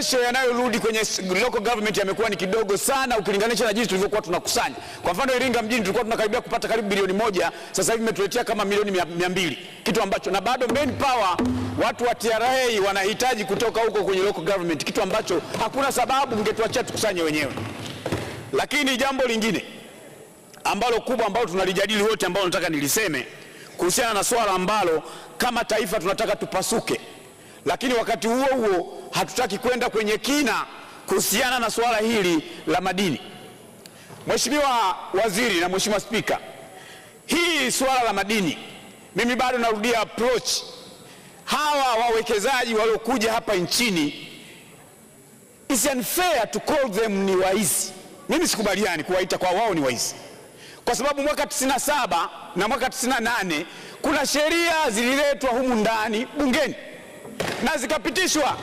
maboresho yanayorudi kwenye local government yamekuwa ni kidogo sana ukilinganisha na jinsi tulivyokuwa tunakusanya. Kwa mfano Iringa mjini tulikuwa tunakaribia kupata karibu bilioni moja, sasa hivi imetuletea kama milioni mia mbili, kitu ambacho na bado main power watu wa TRA wanahitaji kutoka huko kwenye local government, kitu ambacho hakuna sababu mngetuachia tukusanye wenyewe. Lakini jambo lingine ambalo kubwa ambalo tunalijadili wote, ambalo nataka niliseme kuhusiana na swala ambalo kama taifa tunataka tupasuke lakini wakati huo huo hatutaki kwenda kwenye kina kuhusiana na suala hili la madini. Mheshimiwa Waziri na Mheshimiwa Spika, hii suala la madini, mimi bado narudia approach hawa wawekezaji waliokuja hapa nchini, is unfair to call them ni waizi. Mimi sikubaliani kuwaita kwa wao ni waizi, kwa sababu mwaka 97 na mwaka 98 kuna sheria zililetwa humu ndani bungeni na zikapitishwa.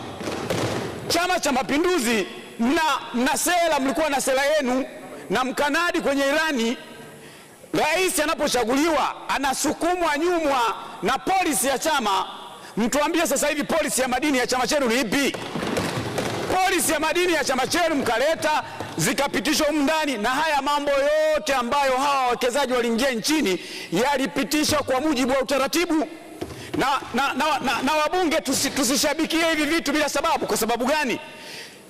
Chama cha Mapinduzi mna, na sera, mlikuwa na sera yenu na mkanadi kwenye ilani. Rais anapochaguliwa anasukumwa nyumwa na polisi ya chama. Mtuambie sasa hivi polisi ya madini ya chama chenu ni ipi? Polisi ya madini ya chama chenu mkaleta zikapitishwa humu ndani, na haya mambo yote ambayo hawa wawekezaji waliingia nchini yalipitishwa kwa mujibu wa utaratibu na, na, na, na, na wabunge tusishabikie tusi hivi vitu bila sababu. Kwa sababu gani?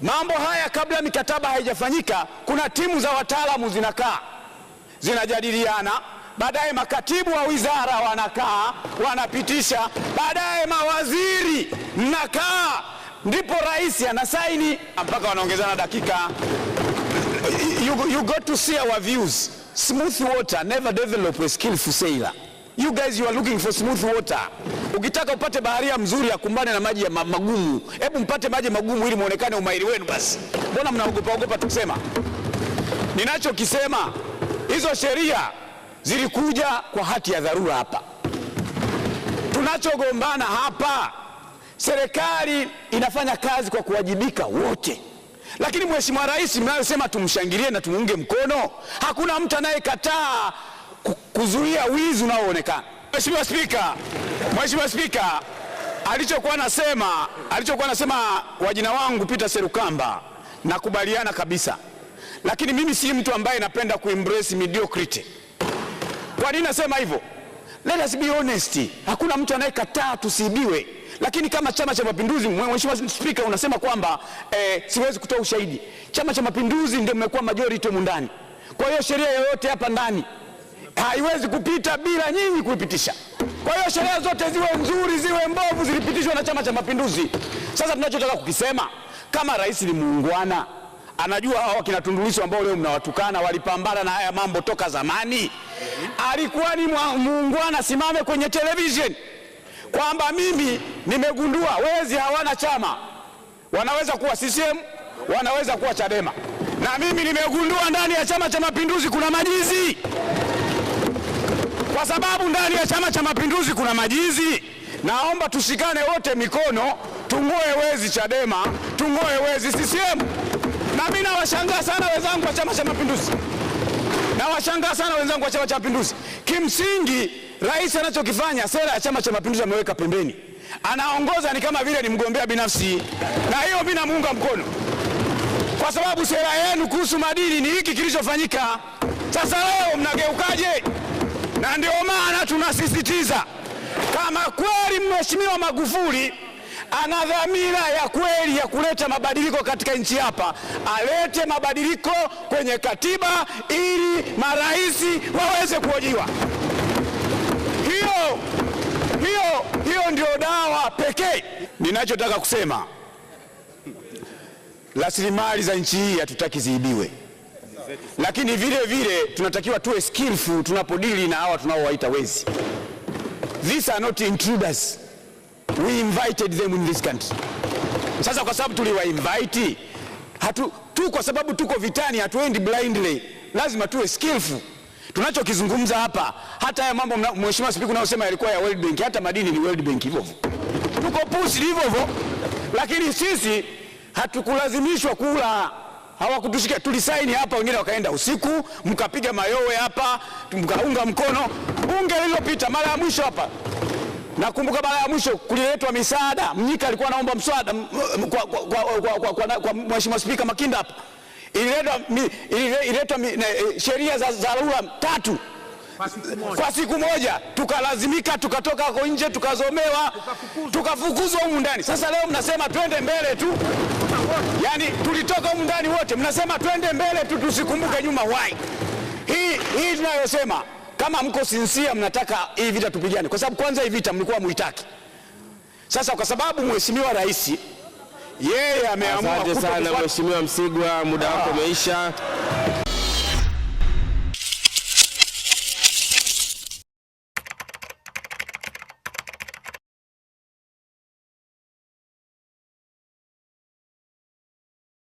Mambo haya kabla mikataba haijafanyika, kuna timu za wataalamu zinakaa zinajadiliana, baadaye makatibu wa wizara wanakaa wanapitisha, baadaye mawaziri mnakaa, ndipo rais anasaini, mpaka wanaongezana dakika. You, you got to see our views. Smooth water never develop a skillful sailor. You guys you are looking for smooth water. Ukitaka upate baharia mzuri akumbane na maji ya magumu, hebu mpate maji magumu ili muonekane umahiri wenu basi. Mbona mnaogopa ogopa tukisema? Ninachokisema, hizo sheria zilikuja kwa hati ya dharura hapa. Tunachogombana hapa, serikali inafanya kazi kwa kuwajibika wote lakini Mheshimiwa Rais mnayosema tumshangilie na tumuunge mkono, hakuna mtu anayekataa kuzuia wizi unaoonekana. Mheshimiwa Spika, Mheshimiwa Spika, alichokuwa nasema alichokuwa nasema wajina wangu Peter Serukamba nakubaliana kabisa, lakini mimi si mtu ambaye napenda kuimbrace mediocrity. Kwa nini nasema hivyo? Let us be honest, hakuna mtu anayekataa tusibiwe lakini kama Chama cha Mapinduzi, Mheshimiwa Spika, unasema kwamba eh, siwezi kutoa ushahidi. Chama cha Mapinduzi ndio mmekuwa majority humu ndani, kwa hiyo sheria yoyote hapa ndani haiwezi kupita bila nyinyi kuipitisha. Kwa hiyo sheria zote ziwe nzuri ziwe mbovu, zilipitishwa na Chama cha Mapinduzi. Sasa tunachotaka kukisema, kama rais ni muungwana, anajua hawa kina Tundu Lissu ambao leo mnawatukana walipambana na haya mambo toka zamani. Alikuwa ni muungwana, simame kwenye television kwamba mimi nimegundua wezi hawana chama, wanaweza kuwa CCM, wanaweza kuwa Chadema, na mimi nimegundua ndani ya Chama cha Mapinduzi kuna majizi kwa sababu ndani ya Chama cha Mapinduzi kuna majizi. Naomba tushikane wote mikono, tungoe wezi Chadema, tungoe wezi CCM. Na mimi nawashangaa sana wenzangu wa Chama cha Mapinduzi, nawashangaa sana wenzangu wa Chama cha Mapinduzi. Kimsingi rais anachokifanya, sera ya Chama cha Mapinduzi ameweka pembeni, anaongoza ni kama vile ni mgombea binafsi, na hiyo mimi namuunga mkono kwa sababu sera yenu kuhusu madini ni hiki kilichofanyika. Sasa leo mnageukaje? na ndio maana tunasisitiza kama kweli Mheshimiwa Magufuli ana dhamira ya kweli ya kuleta mabadiliko katika nchi hapa, alete mabadiliko kwenye katiba ili marais waweze kuojiwa. Hiyo hiyo hiyo ndio dawa pekee. Ninachotaka kusema, rasilimali za nchi hii hatutaki ziibiwe lakini vile vile tunatakiwa tuwe skillful tunapodili na hawa tunaowaita wezi. These are not intruders, we invited them in this country. Sasa kwa sababu tuliwainvite hatu tu, kwa sababu tuko vitani, hatuendi blindly, lazima tuwe skillful tunachokizungumza hapa. Hata haya mambo Mheshimiwa Spika unayosema yalikuwa ya World Bank, hata madini ni World Bank hivyo hivyo, tuko push hivyo hivyo, lakini sisi hatukulazimishwa kula hawakutushika, tulisaini hapa, wengine wakaenda usiku, mkapiga mayowe hapa, mkaunga mkono bunge lililopita. Mara ya mwisho hapa nakumbuka, mara ya mwisho kuliletwa misaada, Mnyika alikuwa anaomba msaada kwa, kwa, kwa, kwa, kwa, kwa, kwa mheshimiwa Spika Makinda hapa, ililetwa eh, sheria za dharura tatu kwa siku moja, tukalazimika tukatoka huko nje, tukazomewa, tukafukuzwa humu ndani. Sasa leo mnasema twende mbele tu, yani tulitoka humu ndani wote, mnasema twende mbele tu, tusikumbuke nyuma. Why hii hii tunayosema? Kama mko sinsia, mnataka hii vita tupigane, kwa sababu kwanza hii vita mlikuwa muitaki. Sasa kwa sababu mheshimiwa rais yeye ameamua. Asante sana mheshimiwa Msigwa, muda wako ah. umeisha.